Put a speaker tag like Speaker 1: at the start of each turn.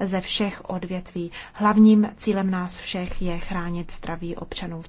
Speaker 1: ze všech odvětví. Hlavním cílem nás všech je chránit zdraví občanů.